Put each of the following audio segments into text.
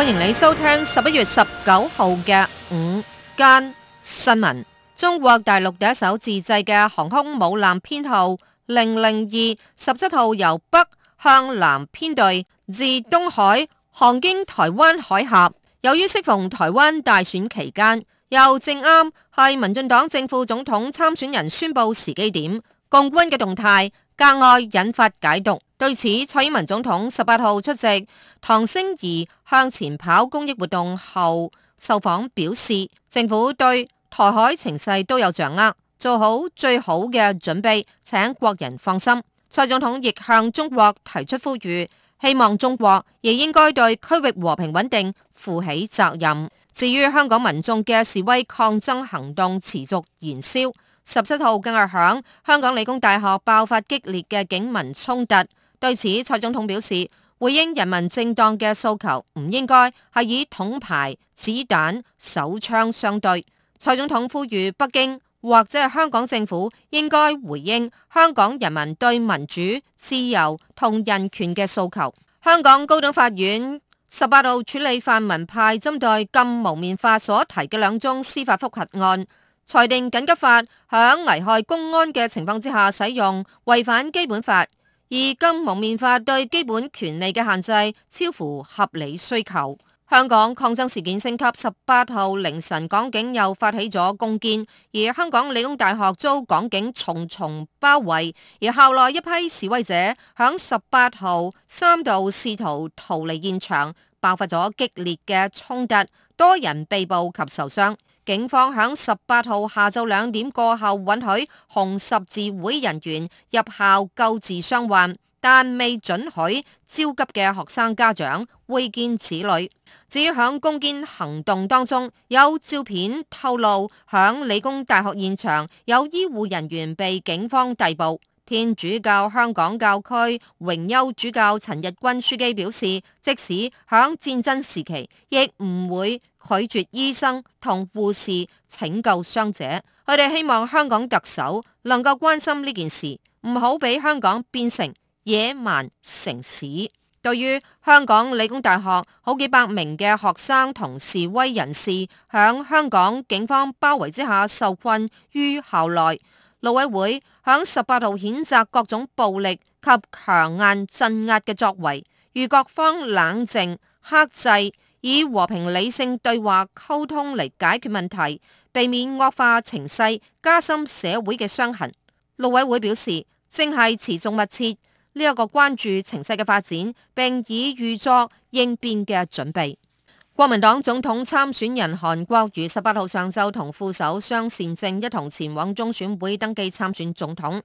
歡迎你收聽十一月十九號嘅午間新聞。中國大陸第一艘自製嘅航空母艦編號零零二，十七號由北向南編隊自東海，航經台灣海峽。由於適逢台灣大選期間，又正啱係民進黨正副總統參選人宣布時機點，共軍嘅動態格外引發解讀。對此，蔡英文總統十八號出席唐星兒向前跑公益活動後，受訪表示，政府對台海情勢都有掌握，做好最好嘅準備，請國人放心。蔡總統亦向中國提出呼籲，希望中國亦應該對區域和平穩定負起責任。至於香港民眾嘅示威抗爭行動持續延燒，十七號更係響香港理工大學爆發激烈嘅警民衝突。對此，蔡總統表示，回應人民正當嘅訴求，唔應該係以盾牌、子彈、手槍相對。蔡總統呼籲北京或者係香港政府應該回應香港人民對民主、自由同人權嘅訴求。香港高等法院十八號處理泛民派針對禁蒙面法所提嘅兩宗司法覆核案，裁定緊急法響危害公安嘅情況之下使用，違反基本法。而《禁蒙面法》對基本權利嘅限制超乎合理需求。香港抗爭事件升級，十八號凌晨，港警又發起咗攻堅，而香港理工大學遭港警重重包圍。而校內一批示威者響十八號三度試圖逃離現場，爆發咗激烈嘅衝突，多人被捕及受傷。警方喺十八號下晝兩點過後，允許紅十字會人員入校救治傷患，但未准許焦急嘅學生家長會見子女。至於喺攻堅行動當中，有照片透露喺理工大學現場有醫護人員被警方逮捕。天主教香港教區榮休主教陳日君樞機表示，即使響戰爭時期，亦唔會拒絕醫生同護士拯救傷者。佢哋希望香港特首能夠關心呢件事，唔好俾香港變成野蠻城市。對於香港理工大學好幾百名嘅學生同示威人士響香港警方包圍之下受困於校內，陸委會響十八號譴責各種暴力及強硬鎮壓嘅作為，籲各方冷靜克制，以和平理性對話溝通嚟解決問題，避免惡化情勢，加深社會嘅傷痕。陸委會表示正係持續密切呢一個關注情勢嘅發展，並已預作應變嘅準備。國民黨總統參選人韓國瑜十八號上晝同副手張善政一同前往中選會登記參選總統。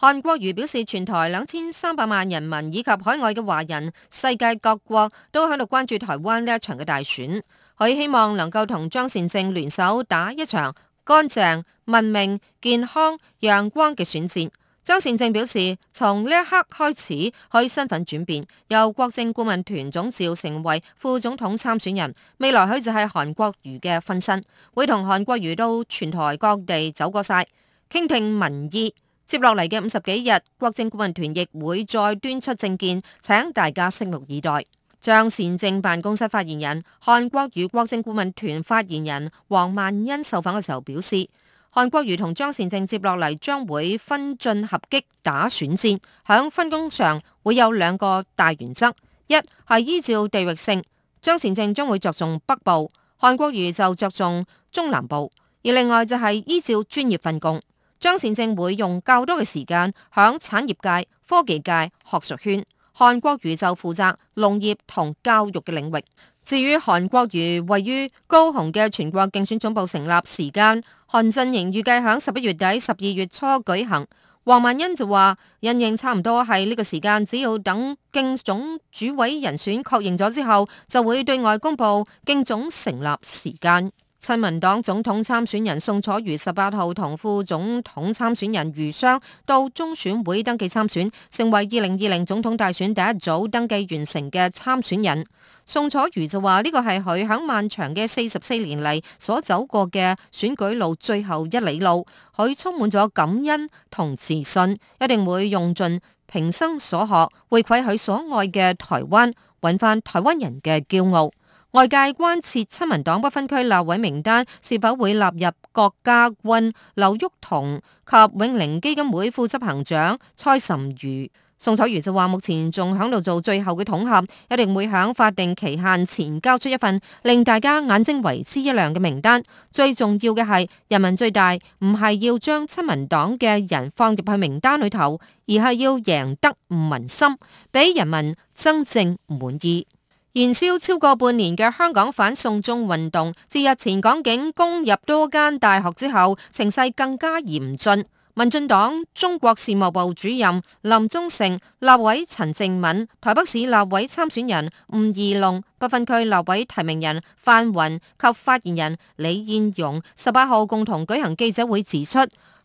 韓國瑜表示，全台兩千三百萬人民以及海外嘅華人、世界各國都喺度關注台灣呢一場嘅大選。佢希望能夠同張善政聯手打一場乾淨、文明、健康、陽光嘅選戰。張善政表示，從呢一刻開始，佢身份轉變，由國政顧問團總召成為副總統參選人，未來佢就係韓國瑜嘅分身，會同韓國瑜到全台各地走過晒，傾聽民意。接落嚟嘅五十幾日，國政顧問團亦會再端出政見，請大家拭目以待。張善政辦公室發言人、韓國瑜國政顧問團發言人黃萬欣受訪嘅時候表示。韓國瑜同張善政接落嚟將會分進合擊打選戰，響分工上會有兩個大原則，一係依照地域性，張善政將會着重北部，韓國瑜就着重中南部；而另外就係依照專業分工，張善政會用較多嘅時間響產業界、科技界、學術圈，韓國瑜就負責農業同教育嘅領域。至於韓國瑜位於高雄嘅全國競選總部成立時間，韓陣營預計喺十一月底、十二月初舉行。黃萬欣就話，認認差唔多係呢個時間，只要等競總主委人選確認咗之後，就會對外公布競總成立時間。親民黨總統參選人宋楚瑜十八號同副總統參選人余湘到中選會登記參選，成為二零二零總統大選第一組登記完成嘅參選人。宋楚瑜就話：呢個係佢喺漫長嘅四十四年嚟所走過嘅選舉路最後一里路，佢充滿咗感恩同自信，一定會用盡平生所學，回饋佢所愛嘅台灣，揾翻台灣人嘅驕傲。外界關切親民黨不分區立委名單是否會納入郭家軍、劉玉彤及永齡基金會副執行長蔡沁瑜，宋楚瑜就話：目前仲響度做最後嘅統合，一定會響法定期限前交出一份令大家眼睛為之一亮嘅名單。最重要嘅係人民最大，唔係要將親民黨嘅人放入去名單裏頭，而係要贏得民心，俾人民真正唔滿意。燃燒超過半年嘅香港反送中運動，自日前港警攻入多間大學之後，情勢更加嚴峻。民進黨中國事務部主任林中誠、立委陳靜敏、台北市立委參選人吳怡龍、不分區立委提名人范雲及發言人李彥勇十八號共同舉行記者會指出。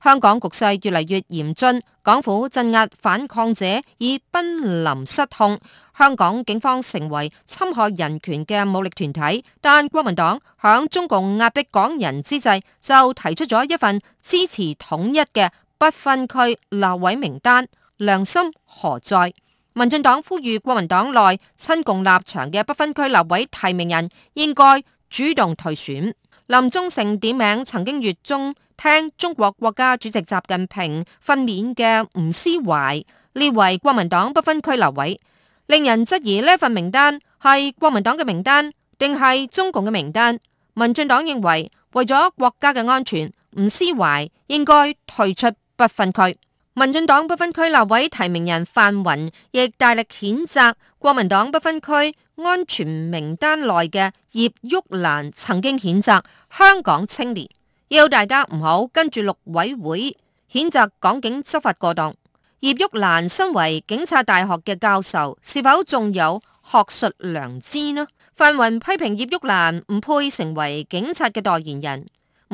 香港局勢越嚟越嚴峻，港府鎮壓反抗者已瀕臨失控，香港警方成為侵害人權嘅武力團體。但國民黨響中共壓迫港人之際，就提出咗一份支持統一嘅不分區立委名單，良心何在？民進黨呼籲國民黨內親共立場嘅不分區立委提名人應該主動退選。林中成點名曾經月中聽中國國家主席習近平訓勉嘅吳斯懷，列為國民黨不分區留位，令人質疑呢份名單係國民黨嘅名單定係中共嘅名單？民進黨認為為咗國家嘅安全，吳斯懷應該退出不分區。民進黨不分區立委提名人范雲亦大力譴責國民黨不分區安全名單內嘅葉旭蘭曾經譴責香港青年，要大家唔好跟住陸委會，譴責港警執法過當。葉玉蘭身為警察大學嘅教授，是否仲有學術良知呢？范雲批評葉玉蘭唔配成為警察嘅代言人，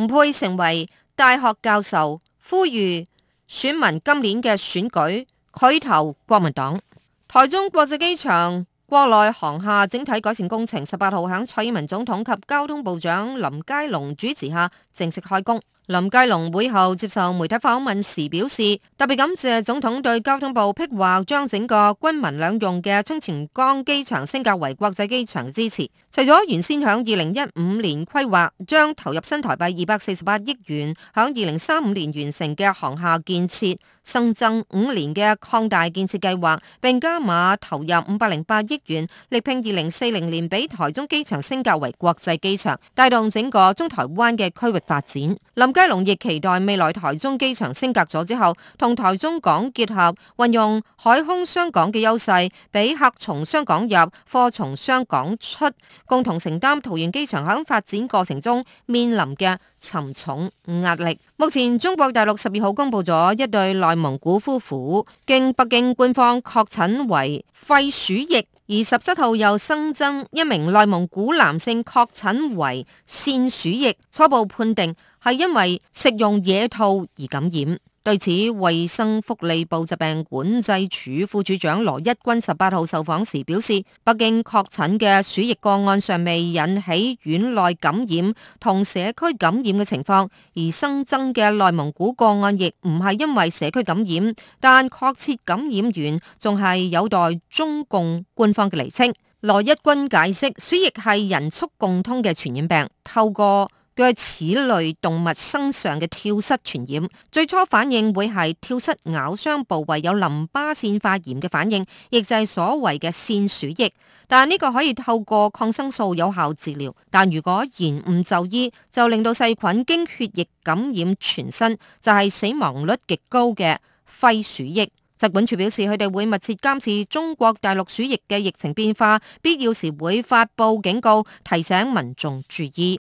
唔配成為大學教授，呼籲。選民今年嘅選舉，佢投國民黨。台中國際機場國內航廈整體改善工程十八號，喺蔡英文總統及交通部長林佳龍主持下正式開工。林佳龍會後接受媒體訪問時表示，特別感謝總統對交通部擘劃將整個軍民兩用嘅清泉崗機場升格為國際機場支持。除咗原先響二零一五年規劃將投入新台幣二百四十八億元，響二零三五年完成嘅航廈建設，新增五年嘅擴大建設計劃，並加碼投入五百零八億元，力拼二零四零年俾台中機場升格為國際機場，帶動整個中台灣嘅區域發展。佳龍亦期待未來台中機場升格咗之後，同台中港結合，運用海空雙港嘅優勢，俾客從雙港入，貨從雙港出，共同承擔桃園機場喺發展過程中面臨嘅沉重壓力。目前中國大陸十二號公布咗一對內蒙古夫婦，經北京官方確診為肺鼠疫，而十七號又新增一名內蒙古男性確診為腺鼠疫，初步判定。係因為食用野兔而感染。對此，衛生福利部疾病管制署副副署長羅一軍十八號受訪時表示，北京確診嘅鼠疫個案尚未引起院內感染同社區感染嘅情況，而新增嘅內蒙古個案亦唔係因為社區感染，但確切感染源仲係有待中共官方嘅釐清。羅一軍解釋，鼠疫係人畜共通嘅傳染病，透過在此類動物身上嘅跳蚤傳染，最初反應會係跳蚤咬傷部位有淋巴腺發炎嘅反應，亦就係所謂嘅腺鼠疫。但呢個可以透過抗生素有效治療。但如果延誤就醫，就令到細菌經血液感染全身，就係死亡率極高嘅肺鼠疫。疾管處表示，佢哋會密切監視中國大陸鼠疫嘅疫情變化，必要時會發布警告，提醒民眾注意。